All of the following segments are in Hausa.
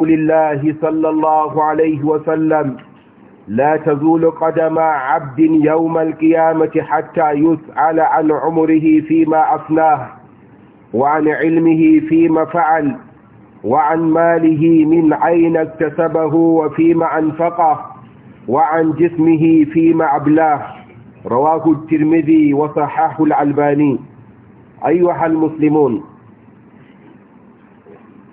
رسول الله صلى الله عليه وسلم لا تزول قدم عبد يوم القيامة حتى يسأل عن عمره فيما أفناه وعن علمه فيما فعل وعن ماله من أين اكتسبه وفيما أنفقه وعن جسمه فيما أبلاه رواه الترمذي وصححه الألباني أيها المسلمون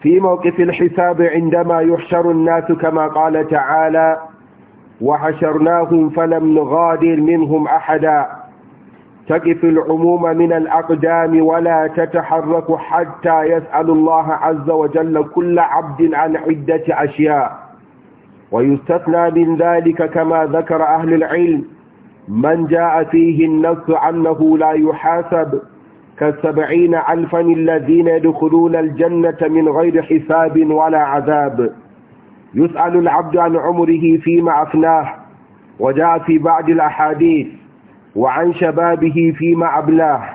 في موقف الحساب عندما يحشر الناس كما قال تعالى وحشرناهم فلم نغادر منهم أحدا تقف العموم من الأقدام ولا تتحرك حتى يسأل الله عز وجل كل عبد عن عدة أشياء ويستثنى من ذلك كما ذكر أهل العلم من جاء فيه النص عنه لا يحاسب كالسبعين ألفا الذين يدخلون الجنة من غير حساب ولا عذاب يسأل العبد عن عمره فيما أفناه وجاء في بعض الأحاديث وعن شبابه فيما أبلاه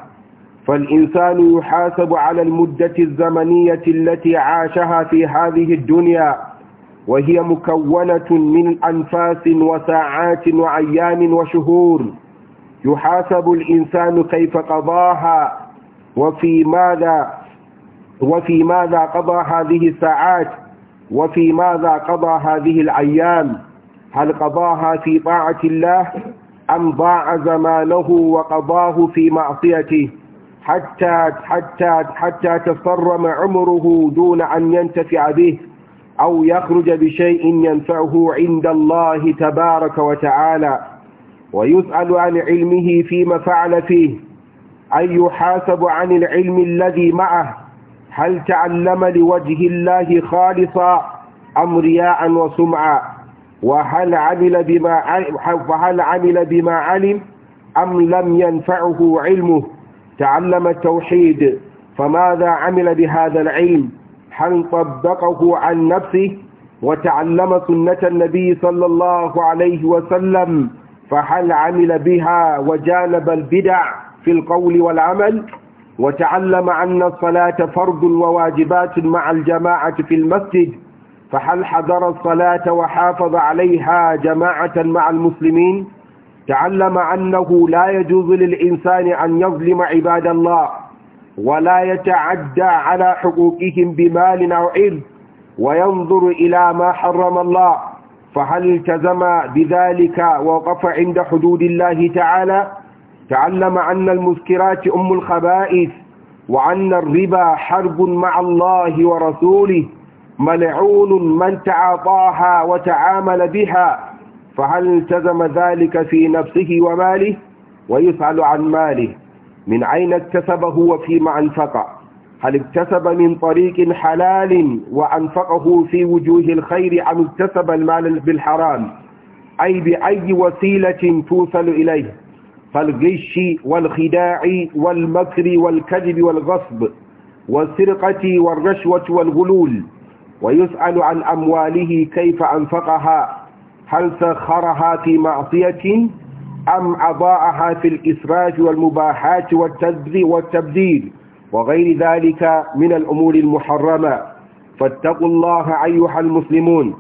فالإنسان يحاسب على المدة الزمنية التي عاشها في هذه الدنيا وهي مكونة من أنفاس وساعات وأيام وشهور يحاسب الإنسان كيف قضاها وفي ماذا وفي ماذا قضى هذه الساعات وفي ماذا قضى هذه الأيام هل قضاها في طاعة الله أم ضاع زمانه وقضاه في معصيته حتى حتى حتى تصرم عمره دون أن ينتفع به أو يخرج بشيء ينفعه عند الله تبارك وتعالى ويسأل عن علمه فيما فعل فيه أن يحاسب عن العلم الذي معه هل تعلم لوجه الله خالصا أم رياء وسمعا وهل عمل بما فهل عمل بما علم أم لم ينفعه علمه تعلم التوحيد فماذا عمل بهذا العلم هل طبقه عن نفسه وتعلم سنة النبي صلى الله عليه وسلم فهل عمل بها وجانب البدع في القول والعمل وتعلم أن الصلاة فرض وواجبات مع الجماعة في المسجد فهل حضر الصلاة وحافظ عليها جماعة مع المسلمين تعلم أنه لا يجوز للإنسان أن يظلم عباد الله ولا يتعدى على حقوقهم بمال أو عرض وينظر إلى ما حرم الله فهل التزم بذلك ووقف عند حدود الله تعالى؟ تعلم أن المذكرات أم الخبائث وأن الربا حرب مع الله ورسوله ملعون من تعاطاها وتعامل بها فهل التزم ذلك في نفسه وماله ويسأل عن ماله من أين اكتسبه وفيما أنفقه هل اكتسب من طريق حلال وأنفقه في وجوه الخير أم اكتسب المال بالحرام أي بأي وسيلة توصل إليه فالغش والخداع والمكر والكذب والغصب والسرقة والرشوة والغلول ويسأل عن أمواله كيف أنفقها هل سخرها في معصية أم أضاعها في الإسراف والمباحات والتبذير وغير ذلك من الأمور المحرمة فاتقوا الله أيها المسلمون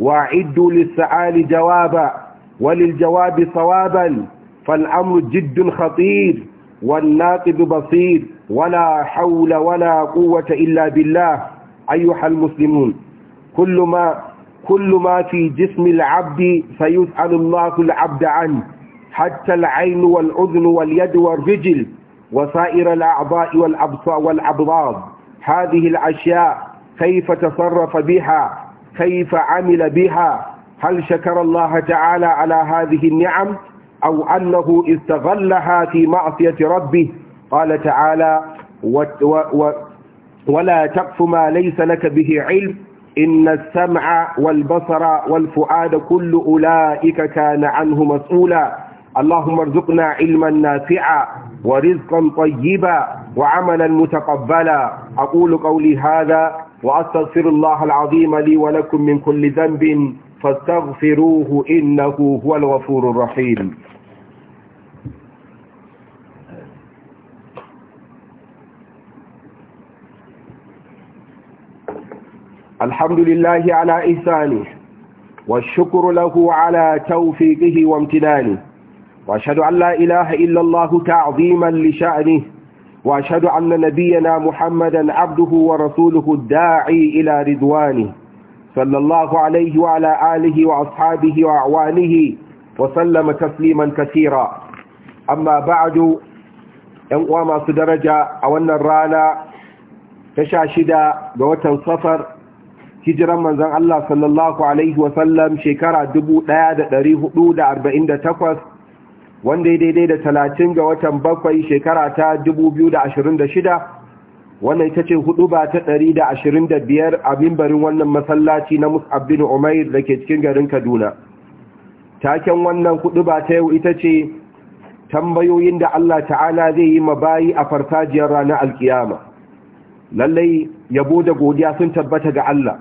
وأعدوا للسؤال جوابا وللجواب صوابا فالأمر جد خطير والناقد بصير ولا حول ولا قوة إلا بالله أيها المسلمون كل ما كل ما في جسم العبد سيسأل الله العبد عنه حتى العين والأذن واليد والرجل وسائر الأعضاء والأبصار والأبراض هذه الأشياء كيف تصرف بها كيف عمل بها هل شكر الله تعالى على هذه النعم؟ أو أنه استغلها في معصية ربه قال تعالى و و ولا تقف ما ليس لك به علم إن السمع والبصر والفؤاد كل أولئك كان عنه مسؤولا اللهم ارزقنا علما نافعا ورزقا طيبا وعملا متقبلا أقول قولي هذا وأستغفر الله العظيم لي ولكم من كل ذنب فاستغفروه إنه هو الغفور الرحيم الحمد لله على إحسانه والشكر له على توفيقه وامتنانه وأشهد أن لا إله إلا الله تعظيما لشأنه وأشهد أن نبينا محمدا عبده ورسوله الداعي إلى رضوانه صلى الله عليه وعلى آله وأصحابه وأعوانه وسلم تسليما كثيرا أما بعد ‘yan uwa masu daraja الرانا تشاشد rana صفر hijiran manzon Allah sallallahu alaihi wasallam shekara 1448 wanda ya daidai da 30 ga watan bakwai shekara ta 2026 wannan ita ce hudu ba ta 125 a mimbarin wannan masallaci na Mus'ab bin da ke cikin garin Kaduna taken wannan hudu ba ta yau ita ce tambayoyin da Allah ta'ala zai yi ma bayi a farfajiyar ranar alkiyama lallai yabo da godiya sun tabbata ga Allah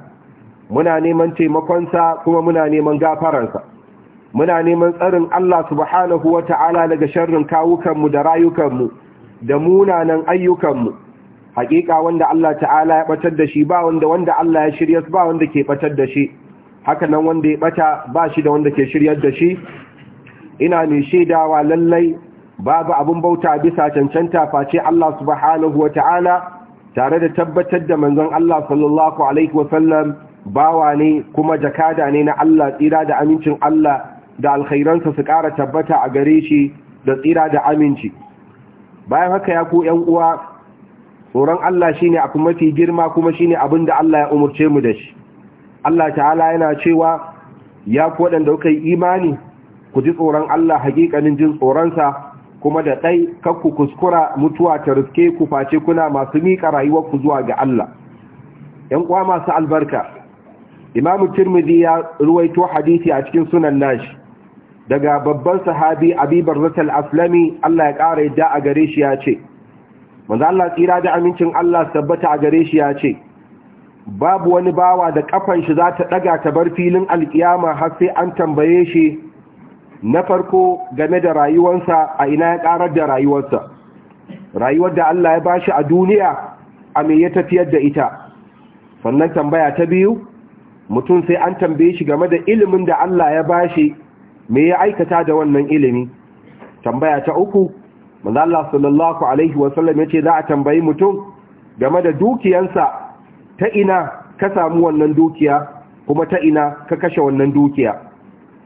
muna neman taimakonsa kuma muna neman gafaransa muna neman tsarin Allah subhanahu wa ta'ala daga sharrin kawukanmu da rayukanmu da munanan ayyukanmu haƙiƙa wanda Allah ta'ala ya ɓatar da shi ba wanda wanda Allah ya shirya ba wanda ke ɓatar da shi haka nan wanda ya ɓata ba shi da wanda ke shiryar da shi ina mai shaidawa lallai babu abin bauta bisa cancanta face Allah subhanahu wa ta'ala tare da tabbatar da manzon Allah sallallahu alaihi wa sallam bawa ne kuma jakada ne na Allah tsira da amincin Allah da alkhairansa su ƙara tabbata a gare shi da tsira da aminci bayan haka ya ku ‘yan uwa tsoron Allah shine abu mafi girma kuma shine abin da Allah ya umarce mu da shi Allah ta'ala yana cewa ya ku waɗanda kuka yi imani ku ji tsoron Allah hakikanin jin tsoronsa kuma da ɗai kakku kuskura mutuwa ta riske ku face kuna masu miƙa rayuwarku zuwa ga Allah ‘yan uwa masu albarka imamu tirmidhi ya ruwaito hadisi a cikin sunan nashi daga babban sahabi abibar rasul aslami Allah ya ƙara yadda a gare shi ya ce manzo Allah tsira da amincin Allah tabbata a gare shi ya ce babu wani bawa da kafan shi za ta daga ta bar filin alkiyama har sai an tambaye shi na farko game da rayuwarsa a ina ya ƙarar da rayuwarsa rayuwar da Allah ya bashi a duniya a me ya tafiyar da ita sannan tambaya ta biyu mutum sai an tambaye shi game da ilimin da Allah ya ba shi me ya aikata da wannan ilimi tambaya ta uku manzo Allah sallallahu alaihi wasallam ce za a tambayi mutum game da dukiyansa ta ina ka samu wannan dukiya kuma ta ina ka kashe wannan dukiya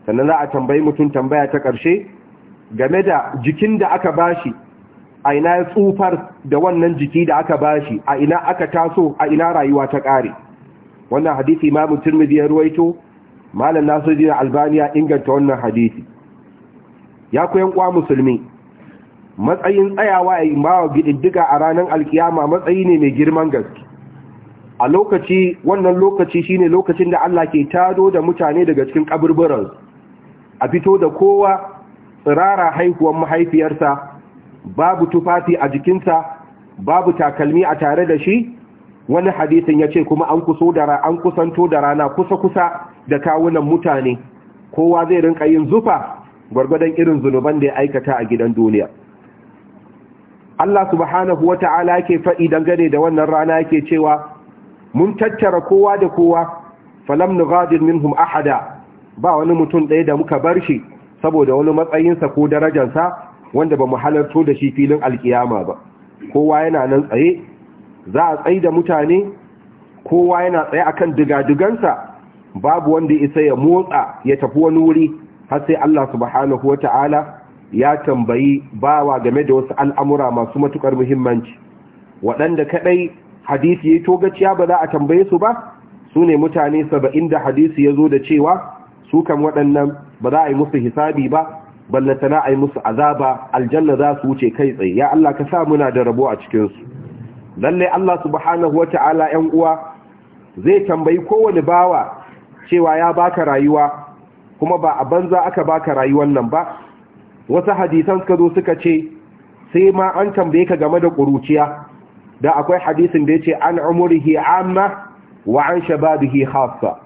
sannan za a tambayi mutum tambaya ta ƙarshe game da jikin da aka ba shi a ina ya tsufar da wannan jiki da aka ba shi, a ina aka taso a ina rayuwa ta ƙare wannan hadisi imamu tirmidhi ya ruwaito malam nasiruddin albani ya inganta wannan hadisi ya koyan kwa musulmi matsayin tsayawa ya mawa gididdiga a ranar alkiyama matsayi ne mai girman gaske a lokaci wannan lokaci shine lokacin da Allah ke tado da mutane daga cikin kaburburan a fito da kowa tsirara haihuwar mahaifiyarsa babu tufafi a jikinsa babu takalmi a tare da shi wani hadisin ya ce kuma an kuso da an kusanto da rana kusa-kusa da kawunan mutane kowa zai rinka yin zufa gwargwadon irin zunuban da ya aikata a gidan duniya Allah subhanahu wata'ala yake faɗi dangane da wannan rana yake cewa mun tattara kowa da kowa falam nughadir minhum ahada ba wani mutum ɗaya da muka bar shi saboda wani matsayinsa ko darajarsa wanda ba mu halarto da shi filin alkiyama ba kowa yana nan tsaye za a tsaye da mutane kowa yana tsaye akan digadigansa babu wanda isa ya motsa ya tafi wani wuri har sai Allah subhanahu Ta'ala ya tambayi bawa game da wasu al'amura masu matukar muhimmanci waɗanda kaɗai hadisi ya togaciya ba za a tambaye su ba su ne mutane saba'in da hadisi ya zo da cewa su kan waɗannan ba za a yi musu hisabi ba ballantana a yi musu azaba aljanna za su wuce kai tsaye ya Allah ka sa muna da rabo a cikinsu lalle Allah subhanahu wata'ala ƴan uwa zai tambayi kowane bawa cewa ya baka rayuwa kuma ba a banza aka baka rayuwan nan ba wasu hadisan suka zo suka ce sai ma an tambaye ka game da ƙuruciya da akwai hadisin da ya ce an umurihi amma wa an shababihi khassa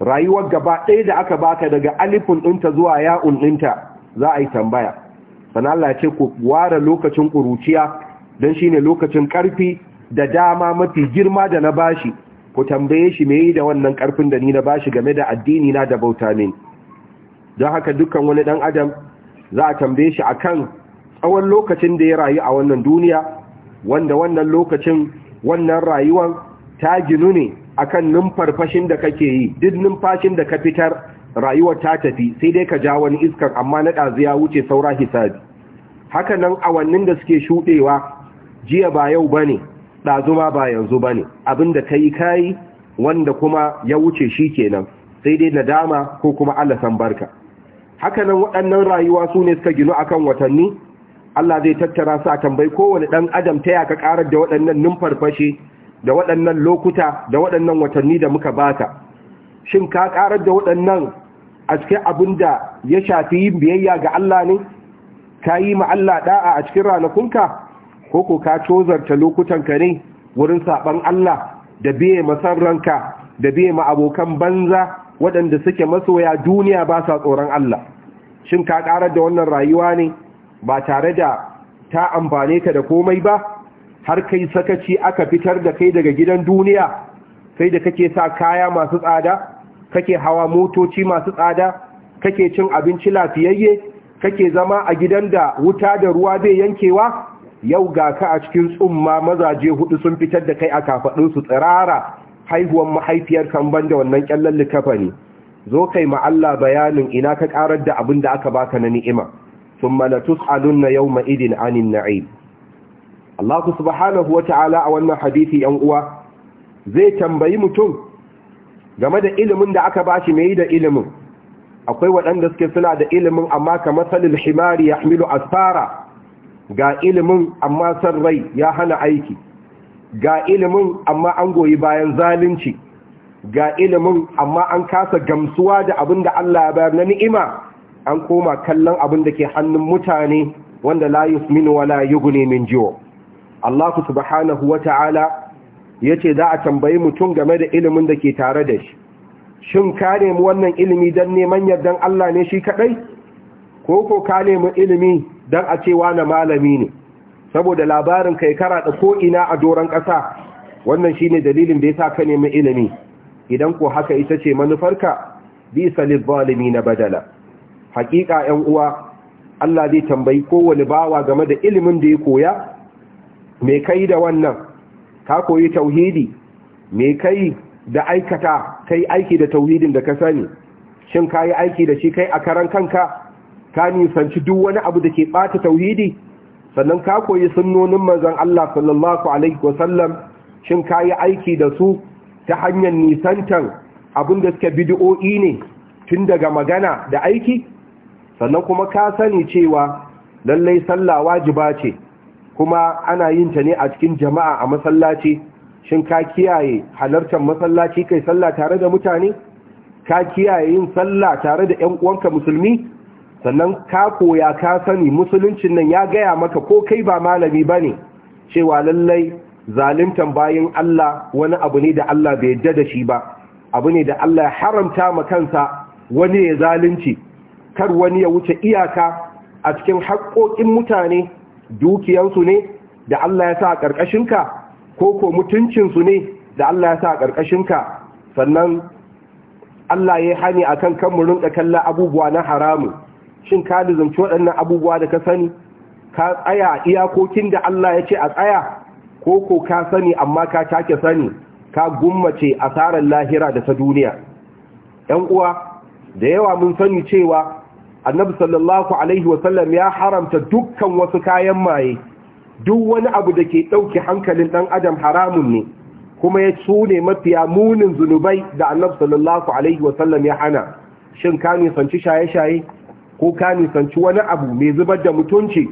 rayuwar gaba ɗaya da aka baka daga alifin ɗinta zuwa ya'un ɗinta za a yi tambaya sannan Allah ya ce ku ware lokacin ƙuruciya don shi ne lokacin ƙarfi da dama mafi girma da na bashi ku tambaye shi mai da wannan ƙarfin da ni na bashi game da addini na da bauta min don haka dukkan wani ɗan adam za a tambaye shi a kan tsawon lokacin da ya rayu a wannan duniya wanda wannan lokacin wannan rayuwan ta ginu ne a kan numfarfashin da kake yi duk numfashin da ka fitar rayuwar ta tafi sai dai ka ja wani iskar amma na ɗazu ya wuce saura hisabi haka nan awannin da suke shuɗewa jiya ba yau ba ne, ɗazuma ba yanzu ba bane abinda yi kayi wanda kuma ya wuce shi kenan sai dai nadama ko kuma Allah san barka hakanan waɗannan rayuwa su ne suka ginu akan watanni Allah zai tattara su a tambayi kowane ɗan adam ta yaka ƙarar da waɗannan numfarfashi da waɗannan lokuta da waɗannan watanni da muka bata shin ka ƙarar da waɗannan a cikin abin da ya shafi yin biyayya ga Allah ne ka yi ma Allah ɗa'a a cikin ranakunka ko ko ka tozarta lokutan ka ne wurin saɓan Allah da biye masan ranka da biye ma abokan banza waɗanda suke masoya duniya ba sa tsoron Allah shin ka ƙarar da wannan rayuwa ne ba tare da ta amfane ka da komai ba har kai sakaci aka fitar da kai daga gidan duniya sai da kake sa kaya masu tsada kake hawa motoci masu tsada kake cin abinci lafiyayye kake zama a gidan da wuta da ruwa bai yankewa yau ga ka a cikin tsumma mazaje hudu sun fitar da kai a su tsirara haihuwan mahaifiyar kan da wannan kyallan likafa ne zo kai ma Allah bayanin ina ka karar da abin da aka baka na ni'ima thumma la yau yawma idin anin na'im Allah subhanahu ta'ala a wannan hadisi yan uwa zai tambayi mutum game da ilimin da aka bashi mai da ilimin akwai waɗanda suke suna da ilimin amma kamar salil himari yahmilu asfara ga ilimin amma san rai ya hana aiki ga ilimin amma an goyi bayan zalunci ga ilimin amma an kasa gamsuwa da abin da Allah ya bayar na ni'ima an koma kallon abin da ke hannun mutane wanda la yusminu wala yughni min jiwo Allah subhanahu wata'ala yace za a tambayi mutum game da ilimin da ke tare da shi shin ka nemi wannan ilimi dan neman yardan Allah ne shi kadai ko ko ka nemi ilimi don a cewa na malami ne saboda labarin kai kara da ko'ina a doron ƙasa wannan shi ne dalilin da ya sa ka nemi ilimi idan ko haka ita ce manufarka bi salif balimi na badala hakika ‘yan uwa Allah zai tambayi kowane bawa game da ilimin da ya koya Me kai da wannan ka koyi tauhidi Me kai da aikata kai aiki da tauhidin da ka sani shin ka yi aiki da shi kai a karan kanka ka nisanci duk wani abu da ke ɓata tauhidi sannan ka koyi sunnonin manzon Allah sallallahu alaihi wasallam shin ka yi aiki da su ta hanyar nisantan abin da suka bid'o'i ne tun daga magana da aiki sannan kuma ka sani cewa lallai sallah wajiba ce kuma ana yin ta ne a cikin jama'a a masallaci shin ka kiyaye halartar masallaci kai sallah tare da mutane ka kiyaye yin sallah tare da ƴan uwanka musulmi sannan ka koya ka sani musuluncin nan ya gaya maka ko kai ba malami ba ne cewa lallai zalimtan bayan Allah wani abu ne da Allah bai yadda da shi ba abu ne da Allah ya haramta ma kansa wani ya zalunci kar wani ya wuce iyaka a cikin haƙoƙin mutane dukiyansu ne da Allah ya sa a ƙarƙashinka ko mutuncinsu ne da Allah ya sa a ƙarƙashinka sannan Allah ya hani a kan mu rinka kallon abubuwa na haramu shin ka lizumci waɗannan abubuwa da ka sani ka tsaya iyakokin da Allah ya ce a tsaya ko ko ka sani amma ka take sani ka gummace asarar lahira da ta duniya ‘yan uwa da yawa mun sani cewa annabi sallallahu alaihi wasallam ya haramta dukkan wasu kayan maye duk wani abu da ke ɗauki hankalin ɗan adam haramun ne kuma ya tsune mafiya munin zunubai da annabi sallallahu alaihi wasallam ya hana shin ka nisanci shaye-shaye ko ka nisanci wani abu mai zubar da mutunci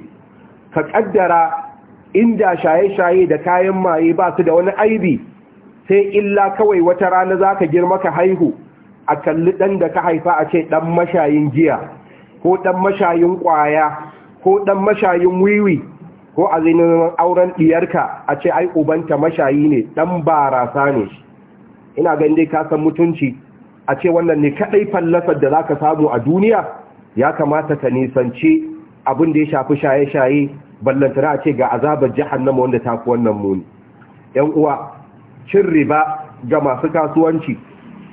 ka kaddara inda shaye-shaye da kayan maye ba su da wani aibi sai illa kawai wata rana za ka girma ka haihu a kalli ɗan da ka haifa a ce ɗan mashayin giya ko ɗan mashayin ƙwaya ko ɗan mashayin wiwi ko a zinin auren ɗiyarka a ce ai ubanta mashayi ne ɗan barasa ne ina ganin dai ka san mutunci a ce wannan ne kaɗai fallasar da za ka samu a duniya ya kamata ka nisanci abin da ya shafi shaye-shaye ballantara a ce ga azabar jahannama wanda ta fi wannan muni yan uwa cin riba ga masu kasuwanci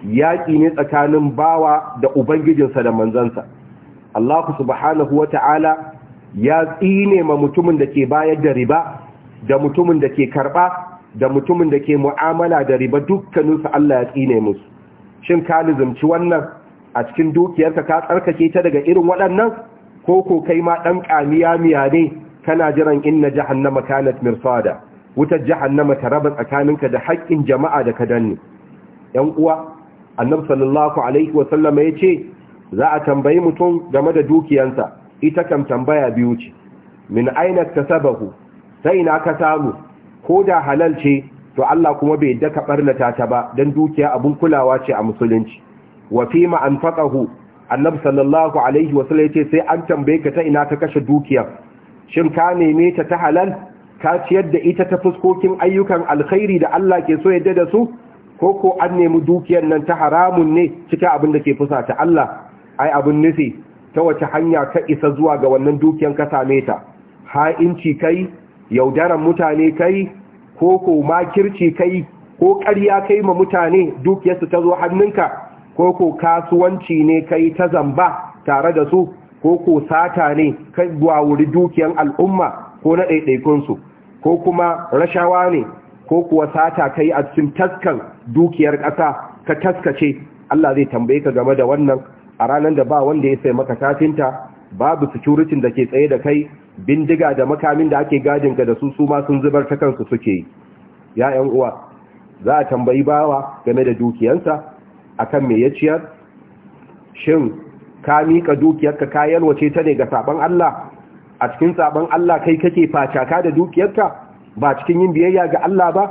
yaƙi ne tsakanin bawa da ubangijinsa da manzansa Allah subhanahu wa ta'ala ya tsine ma mutumin da ke bayar da riba da mutumin da ke karɓa da mutumin da ke mu'amala da riba dukkaninsu Allah ya tsine musu shin ka lizimci wannan a cikin dukiyarka ka tsarkake ta daga irin waɗannan ko ko kai ma ɗan ƙamiya miya ne kana jiran inna jahannama kanat mirsada wutar jahannama ta raba tsakaninka da haƙƙin jama'a da ka danne ƴan uwa annabi sallallahu alaihi wa sallama ce, za a tambayi mutum game da dukiyansa ita kam tambaya biyu ce min aina kasabahu sai na ka samu ko da halal ce to Allah kuma bai yadda ka barnata ta ba dan dukiya abun kulawa ce a musulunci wa fi ma anfaqahu annabi sallallahu alaihi wa sallam yace sai an tambaye ka ta ina ta kashe dukiyar shin ka neme ta ta halal ka ciyar da ita ta fuskokin ayyukan alkhairi da Allah ke so yadda da su ko ko an nemi dukiyar nan ta haramun ne Cika abin da ke fusa ta Allah ai abin nufi ta wace hanya ka isa zuwa ga wannan dukiyar ka same ta ha'inci kai yaudaran mutane kai ko ko makirci kai ko ƙarya kai ma mutane dukiyar su ta zo hannunka ko ko kasuwanci ne kai ta zamba tare da su ko ko sata ne kai wuri dukiyan al'umma ko na ɗaiɗaikunsu ko kuma rashawa ne ko kuwa sata kai a cikin taskan dukiyar ƙasa ka taskace Allah zai tambaye ka game da wannan a ranar da ba wanda ya sai maka tafinta babu security da ke tsaye da kai bindiga da makamin da ake gadin ka da su su ma sun zubar ta kansu suke yi ya ƴan uwa za a tambayi bawa game da dukiyansa akan me ya ciyar shin ka mika dukiyarka ka wace ta ne ga saban Allah a cikin saban Allah kai kake faca ka da dukiyarka ba cikin yin biyayya ga Allah ba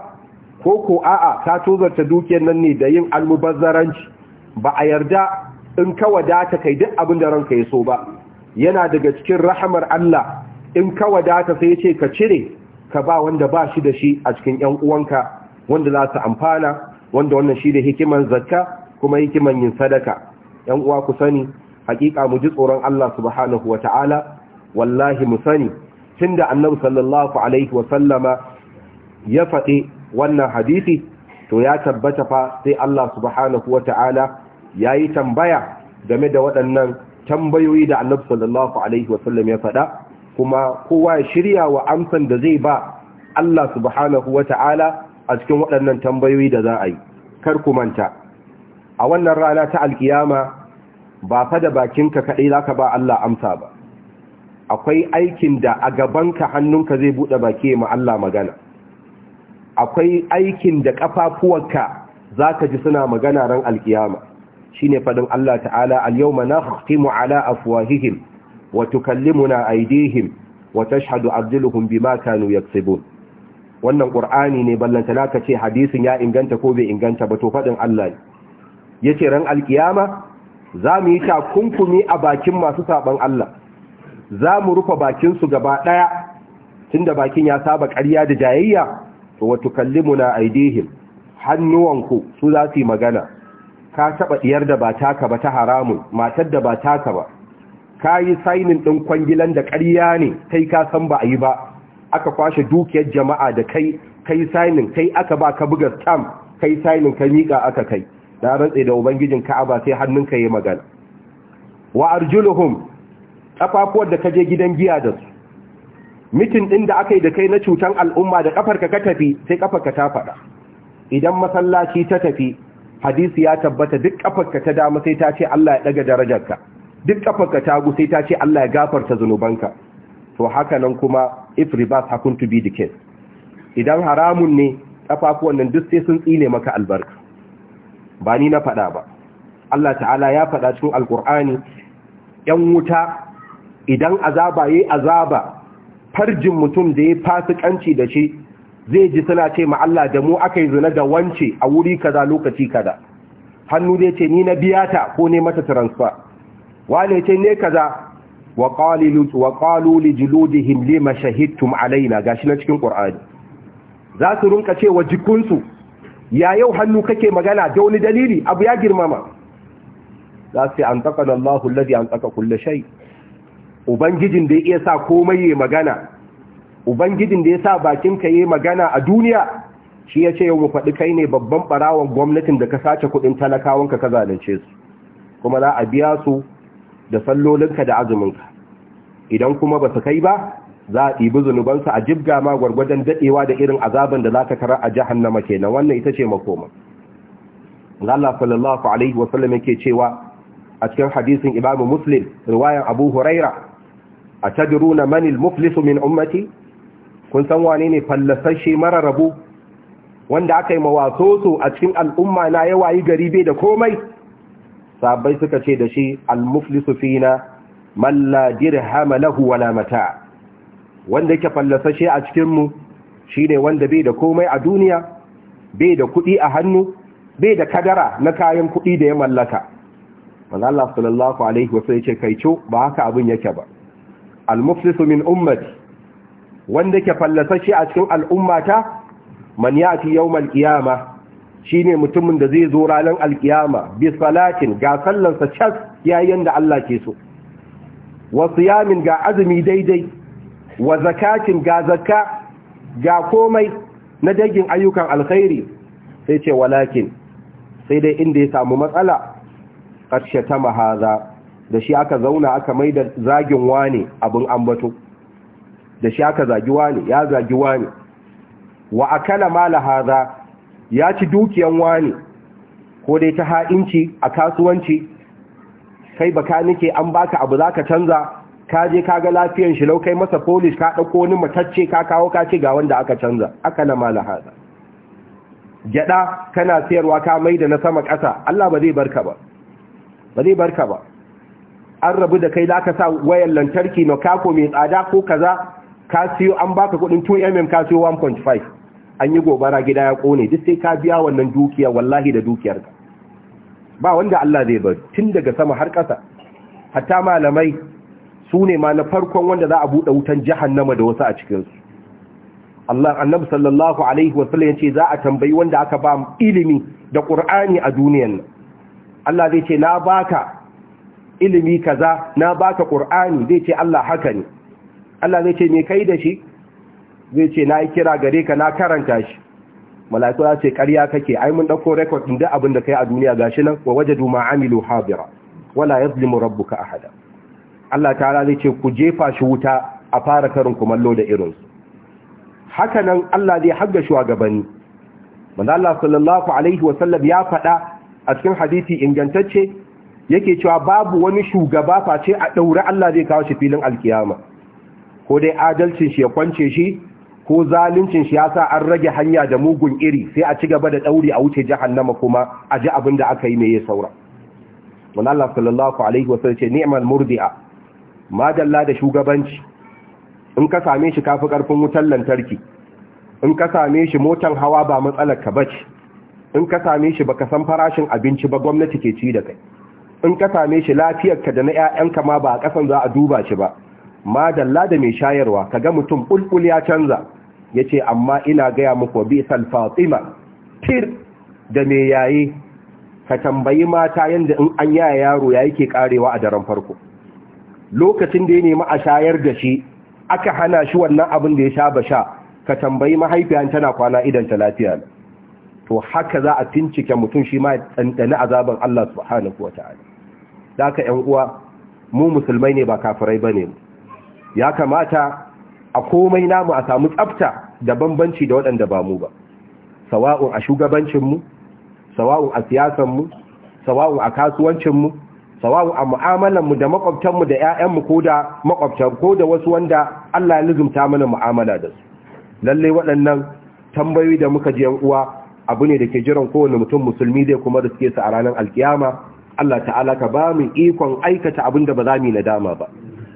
ko ko a'a ka tozarta dukiyar nan ne da yin almubazzaranci ba a yarda in ka wadata kai duk abin da ranka ya so ba yana daga cikin rahamar Allah in ka wadata sai ce ka cire ka ba wanda ba shi da shi a cikin 'yan uwanka wanda za su amfana wanda wannan shi da hikiman zakka kuma hikiman yin sadaka yan uwa ku sani hakika mu ji tsoron Allah subhanahu ta'ala, wallahi mu sani tunda Annabu sallallahu alaihi wa sallama ya faɗi wannan hadisi to ya tabbata fa sai Allah subhanahu ya yayi tambaya game da waɗannan tambayoyi da Annabu sallallahu alaihi wa sallam ya faɗa kuma kowa ya shirya wa amsan da zai ba Allah subhanahu ta'ala a cikin waɗannan tambayoyi da za a yi kar ku manta a wannan rana ta alkiyama ba fa da bakinka kaɗai za ka ba Allah amsa ba akwai aikin da a gabanka hannunka zai buɗe baki ma Allah magana akwai aikin da ƙafafuwanka za ka ji suna magana ran alkiyama shi ne faɗin Allah ta'ala al na nakhtimu ala afwahihim wa tukallimuna aidihim wa tashhadu arjuluhum bima kanu yaksubun wannan qur'ani ne ballanta naka ce hadisin ya inganta ko bai inganta ba to faɗin Allah ne Ya ce, ran alkiyama za mu yi takunkumi a bakin masu saban Allah za mu rufe bakinsu gaba ɗaya tunda bakin ya saba ƙarya da jayayya to kalli na aidihim hannuwanku su za su yi magana ka taɓa ɗiyar da ba taka ba ta haramun matar da ba taka ba ka yi sainin ɗin kwangilan da ƙarya ne kai ka san ba a yi ba aka kwashe dukiyar jama'a da kai kai sainin kai aka ba ka buga stamp kai sainin ka miƙa aka kai Da rantse da ubangijin ka'aba sai hannunka yi magana wa arjuluhum kafafuwar da kaje gidan giya da su mitin din da aka yi da kai na cutan al'umma da kafarka ka tafi sai kafarka ta faɗa idan masallaci ta tafi hadisi ya tabbata duk kafarka ta dama sai ta ce Allah ya daga darajarka duk kafarka ta gu sai ta ce Allah ya gafarta zunubanka to haka nan kuma if ribas hakun to be the case idan haramun ne kafafuwan nan duk sai sun tsine maka albarka ba ni na faɗa ba Allah ta'ala ya faɗa cikin alkur'ani ‘yan wuta idan azaba yayi azaba farjin mutum da ya fasikanci da shi zai ji suna ce ma Allah da mu aka yi zina da wance a wuri kaza lokaci kaza hannu zai ce ni na biya ta ko ne mata transfer wane ce ne kaza wa qalilu wa qalu li juludihim lima shahidtum alaina gashi na cikin qur'ani za su rinka cewa jikunsu ya yau hannu kake magana da wani dalili abu ya girmama za su yi an tsaka da Allah hulladi an tsaka kulle shai ubangijin da ya sa komai ya magana ubangijin da ya sa ka ya magana a duniya shi ya ce yau mu faɗi kai ne babban ɓarawon gwamnatin da ka sace kuɗin talakawanka ka zalunce su kuma za a biya su da sallolinka da azuminka idan kuma ba su kai ba za a ɗibi zunubansa a jibga ma gwargwadon daɗewa da irin azaban da za ka kara a jahannama Na wannan ita ce makoma Allah sallallahu alaihi wa yake cewa a cikin hadisin Imam Muslim riwayan Abu Huraira atadruna na manil muflisu min ummati kun san wane ne fallasashe mara rabu wanda aka yi mawasoso a cikin al'umma na yawayi gari bai da komai sabai suka ce da shi al-muflisu fina man la lahu wala mata' wanda yake fallasashe a cikinmu shi ne wanda bai da komai a duniya bai da kuɗi a hannu bai da kadara na kayan kuɗi da ya mallaka wanda Allah sallallahu alaihi wasu yake kaico ba haka abin yake ba al-muflisu min ummati wanda yake fallasashe a cikin al'ummata man yati yawmal qiyamah shine mutumin da zai zo ranar alkiyama bi salatin ga sallansa cas yayin da Allah ke so wasu yamin ga azumi daidai wa zakatin ga zakka ga komai na dagin ayyukan alkhairi sai ce walakin sai dai inda ya samu matsala ƙarshe ta mahaza da shi aka zauna aka mai da zagin wane abin ambato da shi aka zagi wani ya zagi wani wa akala mala haza ya ci dukiyan wane ko dai ta ha'inci a kasuwanci kai baka nike an baka abu zaka canza ka je ka ga lafiyan shi laukai masa polish ka ɗauko wani matacce ka kawo ka ce ga wanda aka canza aka na mala hada gyada kana sayarwa ka mai da na sama kasa, Allah ba zai barka ba ba zai barka ba an rabu da kai zaka sa wayan lantarki na kako mai tsada ko kaza ka siyo an baka kudin 2mm ka siyo 1.5 an yi gobara gida ya kone duk sai ka biya wannan dukiya wallahi da dukiyarka ba wanda Allah zai bar tun daga sama har ƙasa hatta malamai su ne ma na farkon wanda za a buɗe wutan jahannama da wasu a cikinsu Allah annabi sallallahu alaihi wasallam ya ce za a tambayi wanda aka ba mu ilimi da ƙur'ani a duniyan nan Allah zai ce na baka ilimi kaza na baka ƙur'ani zai ce Allah haka ne Allah zai ce me kai da shi zai ce na yi kira gare ka na karanta shi mala'iku za ce ƙarya kake ai mun ɗauko rekod ɗin da abin da kai a duniya gashi nan wa wajadu ma'amilu amilu habira wala yazlimu rabbuka ahada Allah ta zai ce ku jefa shi wuta a fara karin kumallo da irinsu haka nan Allah zai hagga shugabanni manzo Allah sallallahu alaihi wasallam ya faɗa a cikin hadisi ingantacce yake cewa babu wani shugaba face a daura Allah zai kawo shi filin alkiyama ko dai adalcin shi ya kwance shi ko zaluncin shi ya sa an rage hanya da mugun iri sai a ci gaba da ɗauri a wuce jahannama kuma a ji abinda aka yi mai ya saura manzo Allah sallallahu alaihi wasallam ce ni'mal murdi'a madalla da shugabanci in ka same shi kafi karfin wutar lantarki in ka same shi motan hawa ba matsalar ka bace in ka same shi baka san farashin abinci ba gwamnati ke ci da kai in ka same shi lafiyarka da na 'ya'yanka ma ba a kasan za a duba shi ba madalla da mai shayarwa kaga mutum bulbul ya canza yace amma ina gaya muku bi sal fatima tir da mai yaye ka tambayi mata yanda in an yaya yaro ya yake karewa a daren farko lokacin da ya nemi a shayar da shi aka hana shi wannan abin da ya sha ba sha ka tambayi mahaifiyan tana kwana idan ta lafiya to haka za a tincike mutum shi ma ya tsantsani azaban Allah subhanahu wataala da haka ƴan uwa mu musulmai ne ba kafirai ba ne. ya kamata a komai namu a samu tsafta da bambanci da waɗanda ba mu ba sawa'un a shugabancinmu sawa'un a siyasanmu sawa'un a kasuwancinmu sawawu a mu'amalar mu da makwabtan mu da ƴaƴan mu ko da makwabtan ko da wasu wanda Allah ya luzumta mana mu'amala da su lalle waɗannan tambayoyi da muka ji yan uwa abu ne da ke jiran kowane mutum musulmi zai kuma riske su a ranar alkiyama Allah ta'ala ka ba mu ikon aikata abin da ba za mu yi nadama ba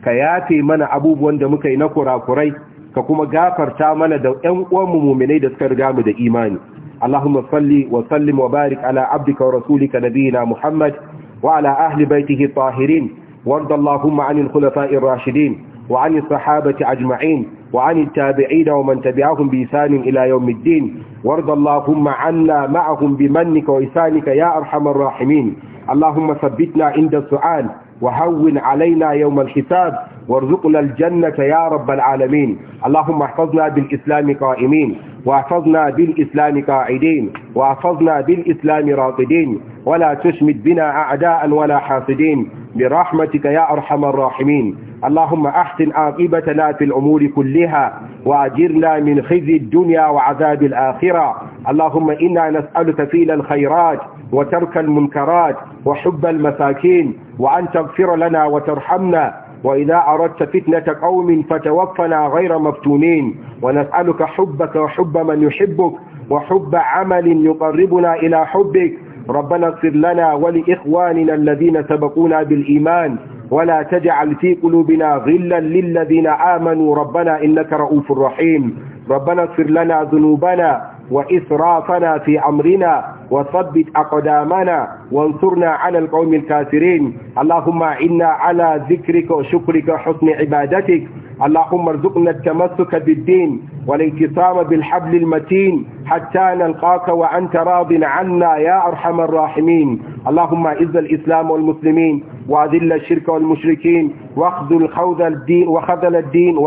ka yafe mana abubuwan da muka yi na kurakurai ka kuma gafarta mana da ƴan uwanmu muminai da suka riga mu da imani Allahumma salli wa sallim wa barik ala abdika wa rasulika nabiyina Muhammad وعلى أهل بيته الطاهرين وارض اللهم عن الخلفاء الراشدين وعن الصحابة أجمعين وعن التابعين ومن تبعهم بإسان إلى يوم الدين وارض اللهم عنا معهم بمنك وإسانك يا أرحم الراحمين اللهم ثبتنا عند السؤال وهون علينا يوم الحساب وارزقنا الجنة يا رب العالمين اللهم احفظنا بالإسلام قائمين واحفظنا بالإسلام قاعدين واحفظنا بالإسلام راقدين ولا تشمد بنا أعداء ولا حاسدين برحمتك يا أرحم الراحمين اللهم أحسن عاقبتنا في الأمور كلها وأجرنا من خزي الدنيا وعذاب الآخرة اللهم إنا نسألك فيل الخيرات وترك المنكرات وحب المساكين وأن تغفر لنا وترحمنا وإذا أردت فتنة قوم فتوفنا غير مفتونين ونسألك حبك وحب من يحبك وحب عمل يقربنا إلى حبك ربنا اغفر لنا ولإخواننا الذين سبقونا بالإيمان ولا تجعل في قلوبنا غلا للذين آمنوا ربنا إنك رؤوف رحيم ربنا اغفر لنا ذنوبنا وإسرافنا في أمرنا وثبت أقدامنا وانصرنا على القوم الكافرين اللهم إنا على ذكرك وشكرك وحسن عبادتك اللهم ارزقنا التمسك بالدين والانتصام بالحبل المتين حتى نلقاك وأنت راض عنا يا أرحم الراحمين اللهم اعز الإسلام والمسلمين وأذل الشرك والمشركين واخذل خوذ الدين وخذل الدين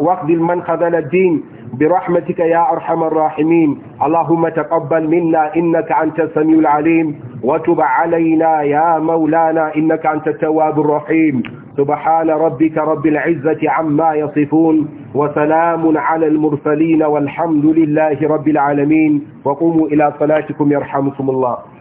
واخذل من خذل الدين برحمتك يا أرحم الراحمين اللهم تقبل منا إنك أنت السميع العليم وتب علينا يا مولانا إنك أنت التواب الرحيم سبحان ربك رب العزة عما يصفون وسلام على المرسلين والحمد لله رب العالمين وقوموا إلى صلاتكم يرحمكم الله